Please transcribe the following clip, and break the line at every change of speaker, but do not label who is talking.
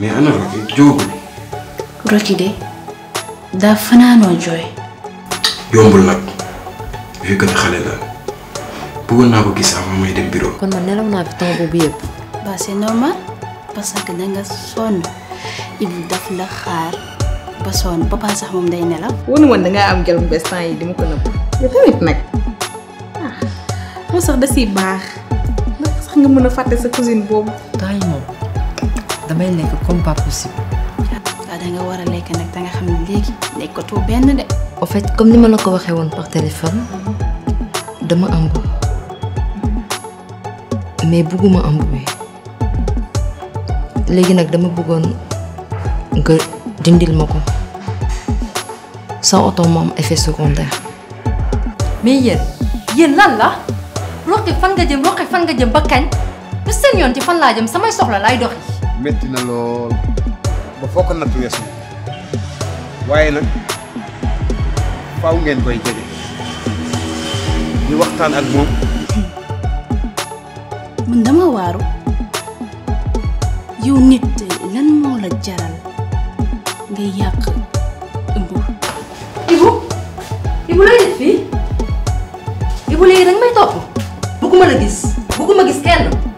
mais ana roqe joogu
roqi de daa fanaanoo jooy
yombul nag vu que xale la bëggoon ko gis avant may dem bureau
kon man nelaw naa fi temps boobu yëpp ba c'est normal parce que da nga sonn ibu daf la xaar ba sonn papa sax moom day nelaw wonu woon da ngaa am gelum bes temps yi di ko tamit ah moo sax da si baax Nak sax nga mën a sa cousine may nek
comme pas possible.
da ah, da nga wara a nak da nga legui nek ko to ben de. en
fait comme nima ma la ko waxee woon par téléphone dama bu mais buguma am bu legui nak dama bëggoon nga dindil mako sans auto mom effet secondaire. mais yéen yéen lan la roqi fan nga jëm roqi fan nga jëm ba kañ du seen yoon ci fan la jëm samay soxla lay doxi
metti na lol ba foo ko natt weesu waaye nag faaw ngeen koy jege di waxtaan ak mom man dama waru yow nit lan mo la jaral nga yaq ibu ibu ibu lay def fi ibu lay danga may bu ko meuna
gis ma gis kenn